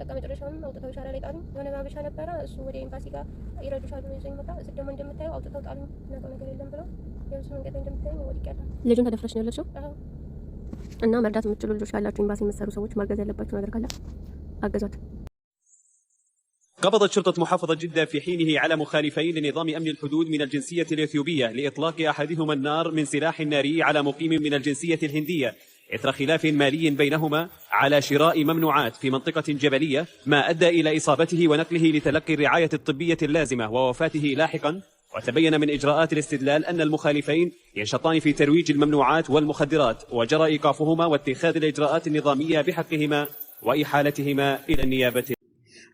በቃ መጨረሻውም አውጥተው ሻላ ላይ ጣሉ። የሆነ ማበሻ ነበረ እሱ ወደ ኤምባሲ ጋር ይረዱሻሉ ነው ይዘኝ መጣ። እሱ ደግሞ እንደምታየው አውጥተው ጣሉ። ምናውቀው ነገር የለም ብለው የብሱ መንገድ ላይ እንደምታየው ወድቄያለሁ። ልጁን ተደፍረሽ ነው ያለችው እና መርዳት የምትችሉ ልጆች ያላችሁ ኤምባሲ የምትሰሩ ሰዎች ማገዝ ያለባችሁ ነገር ካለ አገዟት። قبضت شرطة محافظة جدة في حينه على مخالفين لنظام أمن الحدود من الجنسية الإثيوبية لإطلاق أحدهما النار من سلاح ناري على مقيم من الجنسية الهندية إثر خلاف مالي بينهما على شراء ممنوعات في منطقة جبلية ما أدى إلى إصابته ونقله لتلقي الرعاية الطبية اللازمة ووفاته لاحقا وتبين من إجراءات الاستدلال أن المخالفين ينشطان في ترويج الممنوعات والمخدرات وجرى إيقافهما واتخاذ الإجراءات النظامية بحقهما وإحالتهما إلى النيابة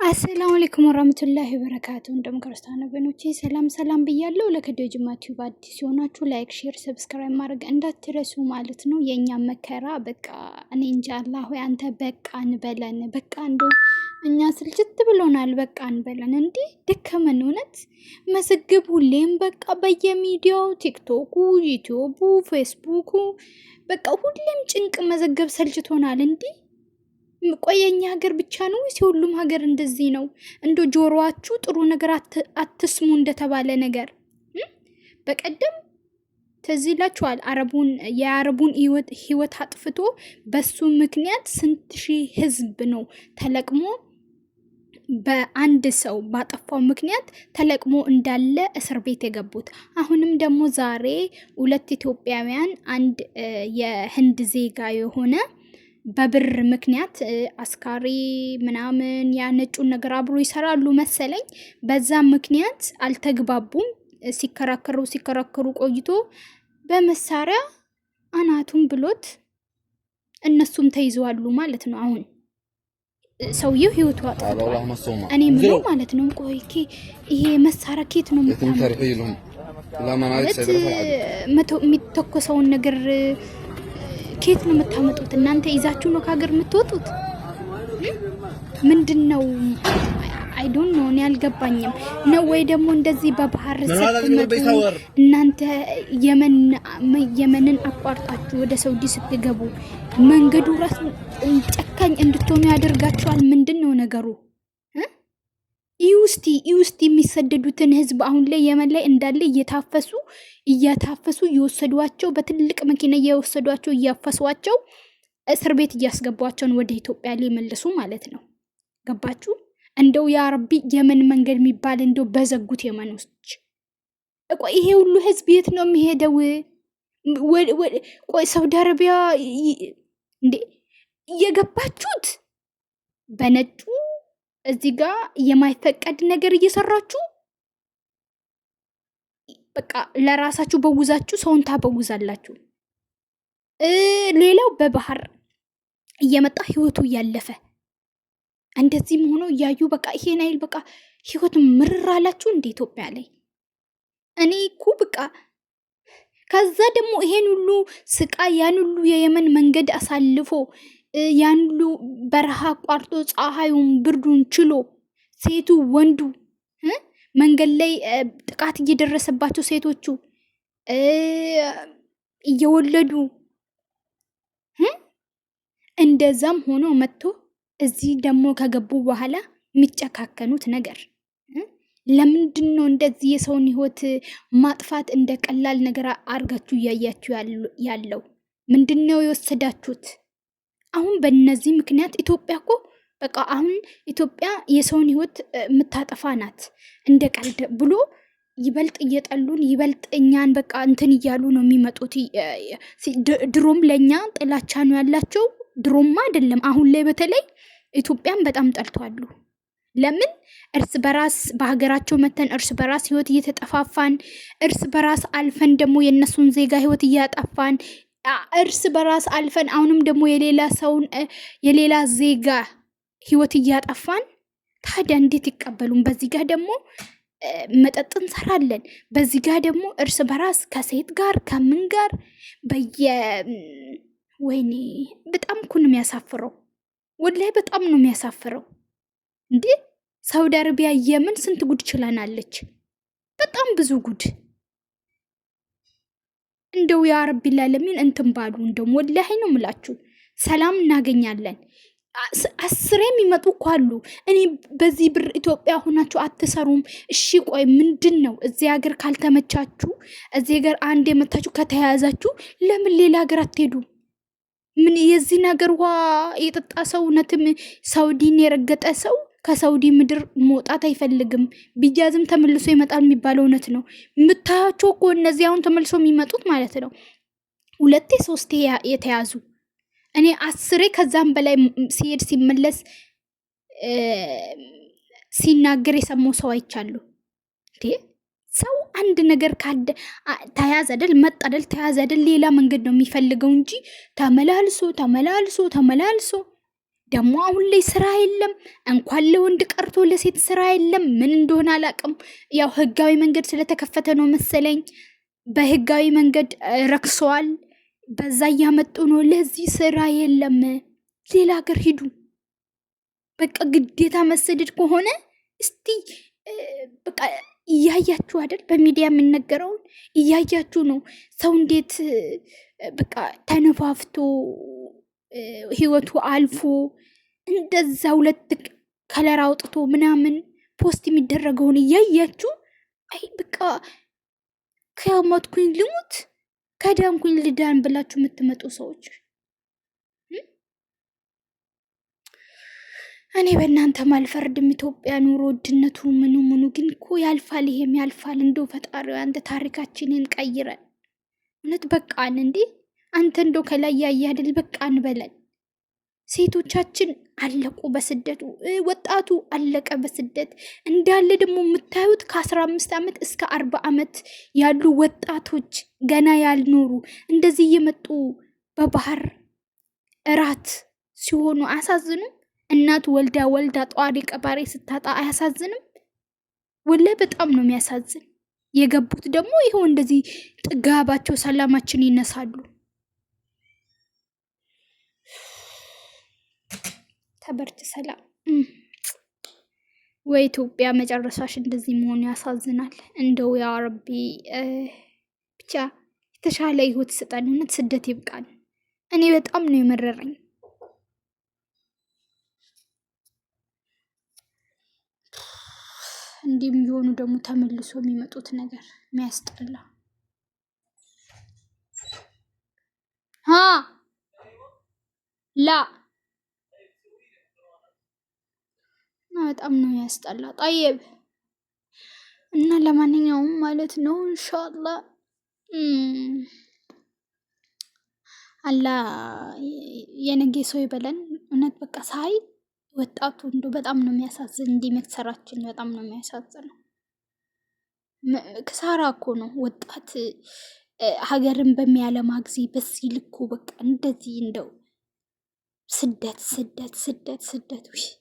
አሰላሙ አለይኩም ወራህመቱላሂ ወበረካቱ። እንደም ክርስቲያን ወገኖቼ ሰላም ሰላም ብያለሁ። ለከዲዮ ጅማ ቲዩብ አዲስ የሆናችሁ ላይክ፣ ሼር፣ ሰብስክራይብ ማድረግ እንዳትረሱ ማለት ነው። የእኛ መከራ በቃ እኔ እንጃ። አላህ ሆይ አንተ በቃ እንበለን። በቃ እንዶ እኛ ስልጭት ብሎናል። በቃ እንበለን። እንዴ ደከመን እውነት። መዝግብ ሁሌም በቃ በየሚዲያው ቲክቶኩ፣ ዩቲዩቡ፣ ፌስቡኩ በቃ ሁሌም ጭንቅ መዘገብ ሰልችቶናል። እንዴ ቆየኛ ሀገር ብቻ ነው ወይስ የሁሉም ሀገር እንደዚህ ነው? እንደ ጆሮአችሁ ጥሩ ነገር አትስሙ እንደተባለ ነገር በቀደም ትዝ ይላችኋል። አረቡን የአረቡን ህይወት አጥፍቶ በሱ ምክንያት ስንት ሺህ ህዝብ ነው ተለቅሞ በአንድ ሰው ባጠፋው ምክንያት ተለቅሞ እንዳለ እስር ቤት የገቡት። አሁንም ደግሞ ዛሬ ሁለት ኢትዮጵያውያን አንድ የህንድ ዜጋ የሆነ በብር ምክንያት አስካሪ ምናምን ያ ነጩን ነገር አብሮ ይሰራሉ መሰለኝ። በዛ ምክንያት አልተግባቡም። ሲከራከሩ ሲከራከሩ ቆይቶ በመሳሪያ አናቱን ብሎት እነሱም ተይዘዋሉ ማለት ነው። አሁን ሰውየው ህይወቱ አጥፍቷል። እኔ ምለው ማለት ነው ቆይ ይሄ መሳሪያ ኬት ነው ማለት የሚተኮሰውን ነገር ከየት ነው የምታመጡት? እናንተ ይዛችሁ ነው ከሀገር የምትወጡት? ምንድን ነው አይ ዶንት ኖ እኔ አልገባኝም። ነው ወይ ደግሞ እንደዚህ በባህር ስትመጡ እናንተ የመንን አቋርጣችሁ ወደ ሰውዲ ስትገቡ መንገዱ ራሱ ጨካኝ እንድትሆኑ ያደርጋችኋል። ምንድን ነው ነገሩ? ኢውስቲ ኢውስቲ የሚሰደዱትን ህዝብ አሁን ላይ የመን ላይ እንዳለ እየታፈሱ እያታፈሱ እየወሰዷቸው በትልቅ መኪና እየወሰዷቸው እያፈሷቸው እስር ቤት እያስገቧቸውን ወደ ኢትዮጵያ ሊመልሱ ማለት ነው። ገባችሁ? እንደው የአረቢ የመን መንገድ የሚባል እንደው በዘጉት የመኖች እቆ ይሄ ሁሉ ህዝብ የት ነው የሚሄደው? ቆይ ሳውዲ አረቢያ እንዴ የገባችሁት በነጩ እዚህ ጋ የማይፈቀድ ነገር እየሰራችሁ በቃ ለራሳችሁ በውዛችሁ ሰውን ታበውዛላችሁ። ሌላው በባህር እየመጣ ህይወቱ እያለፈ እንደዚህም ሆኖ እያዩ በቃ ይሄን አይል በቃ ህይወት ምርር አላችሁ እንደ ኢትዮጵያ ላይ እኔ እኮ በቃ ከዛ ደግሞ ይሄን ሁሉ ስቃይ ያን ሁሉ የየመን መንገድ አሳልፎ ያንሉ በረሃ አቋርጦ ፀሐዩን ብርዱን ችሎ ሴቱ ወንዱ መንገድ ላይ ጥቃት እየደረሰባቸው ሴቶቹ እየወለዱ እንደዛም ሆኖ መጥቶ እዚህ ደግሞ ከገቡ በኋላ የሚጨካከኑት ነገር ለምንድን ነው? እንደዚህ የሰውን ህይወት ማጥፋት እንደ ቀላል ነገር አድርጋችሁ እያያችሁ ያለው ምንድን ነው የወሰዳችሁት? አሁን በነዚህ ምክንያት ኢትዮጵያ እኮ በቃ አሁን ኢትዮጵያ የሰውን ህይወት የምታጠፋ ናት እንደ ቀልድ ብሎ ይበልጥ እየጠሉን ይበልጥ እኛን በቃ እንትን እያሉ ነው የሚመጡት። ድሮም ለእኛ ጥላቻ ነው ያላቸው። ድሮም አይደለም አሁን ላይ በተለይ ኢትዮጵያን በጣም ጠልቷሉ። ለምን እርስ በራስ በሀገራቸው መተን እርስ በራስ ህይወት እየተጠፋፋን እርስ በራስ አልፈን ደግሞ የእነሱን ዜጋ ህይወት እያጠፋን እርስ በራስ አልፈን አሁንም ደግሞ የሌላ ሰውን የሌላ ዜጋ ህይወት እያጠፋን ታዲያ እንዴት ይቀበሉን? በዚህ ጋር ደግሞ መጠጥ እንሰራለን። በዚህ ጋር ደግሞ እርስ በራስ ከሴት ጋር ከምን ጋር በየ ወይኔ በጣም እኮ ነው የሚያሳፍረው። ወላይ በጣም ነው የሚያሳፍረው። እንዴ ሳውዲ አረቢያ የምን ስንት ጉድ ችለናለች። በጣም ብዙ ጉድ እንደው የአረቢላ ላለሚን እንትን ባሉ እንደም ወላሂ ነው ምላችሁ ሰላም እናገኛለን። አስሬ የሚመጡ እኮ አሉ። እኔ በዚህ ብር ኢትዮጵያ ሆናችሁ አትሰሩም። እሺ ቆይ ምንድን ነው እዚህ ሀገር ካልተመቻችሁ፣ እዚህ ሀገር አንድ የመታችሁ ከተያያዛችሁ ለምን ሌላ ሀገር አትሄዱ ምን የዚህን ሀገር ውሃ የጠጣ ሰው እውነትም ሳውዲን የረገጠ ሰው ከሳውዲ ምድር መውጣት አይፈልግም። ቢያዝም ተመልሶ ይመጣል የሚባለው እውነት ነው። የምታያቸው እኮ እነዚህ አሁን ተመልሶ የሚመጡት ማለት ነው። ሁለቴ ሶስቴ የተያዙ እኔ አስሬ ከዛም በላይ ሲሄድ ሲመለስ ሲናገር የሰማው ሰው እንዴ ሰው አንድ ነገር ካደ ተያዝ አይደል መጣ አይደል ተያዝ አይደል ሌላ መንገድ ነው የሚፈልገው እንጂ ተመላልሶ ተመላልሶ ተመላልሶ ደግሞ አሁን ላይ ስራ የለም። እንኳን ለወንድ ቀርቶ ለሴት ስራ የለም። ምን እንደሆነ አላቅም ያው ህጋዊ መንገድ ስለተከፈተ ነው መሰለኝ። በህጋዊ መንገድ ረክሰዋል። በዛ እያመጡ ነው። ለዚህ ስራ የለም። ሌላ ሀገር ሂዱ። በቃ ግዴታ መሰደድ ከሆነ እስቲ በቃ እያያችሁ አይደል? በሚዲያ የምነገረውን እያያችሁ ነው። ሰው እንዴት በቃ ተነፋፍቶ ህይወቱ አልፎ እንደዛ ሁለት ከለር አውጥቶ ምናምን ፖስት የሚደረገውን እያያችሁ አይ በቃ ከሞትኩኝ ልሙት ከዳንኩኝ ልዳን ብላችሁ የምትመጡ ሰዎች እኔ በእናንተ አልፈርድም። ኢትዮጵያ ኑሮ ውድነቱ ምኑ ምኑ ግን እኮ ያልፋል፣ ይሄም ያልፋል። እንደው ፈጣሪ አንተ ታሪካችንን ቀይረን እውነት በቃን እንዴ! አንተ እንዶ ከላይ ያየህ አይደል? በቃ እንበለን። ሴቶቻችን አለቁ በስደት ወጣቱ አለቀ በስደት እንዳለ ደግሞ የምታዩት ከአስራ አምስት ዓመት እስከ አርባ ዓመት ያሉ ወጣቶች ገና ያልኖሩ እንደዚህ እየመጡ በባህር እራት ሲሆኑ አያሳዝኑም? እናት ወልዳ ወልዳ ጠዋሪ ቀባሪ ስታጣ አያሳዝንም? ወላይ በጣም ነው የሚያሳዝን። የገቡት ደግሞ ይኸው እንደዚህ ጥጋባቸው ሰላማችን ይነሳሉ። ተበርች ሰላም ወይ ኢትዮጵያ መጨረሻሽ እንደዚህ መሆኑ ያሳዝናል። እንደው ያ ረቢ ብቻ የተሻለ ህይወት ስጠን፣ እውነት ስደት ይብቃል። እኔ በጣም ነው የመረረኝ። እንዲህም የሆኑ ደግሞ ተመልሶ የሚመጡት ነገር የሚያስጠላ ላ እና በጣም ነው ያስጠላ። ጠየብ እና ለማንኛውም ማለት ነው እንሻላ አላ የነገ ሰው ይበለን። እውነት በቃ ሳይ ወጣቱ እንዶ በጣም ነው የሚያሳዝን። እንዲህ መክሰራችን በጣም ነው የሚያሳዝነው። ክሳራ እኮ ነው ወጣት ሀገርን በሚያለማ ጊዜ በዚህ ልኩ በቃ እንደዚህ እንደው ስደት ስደት ስደት ስደት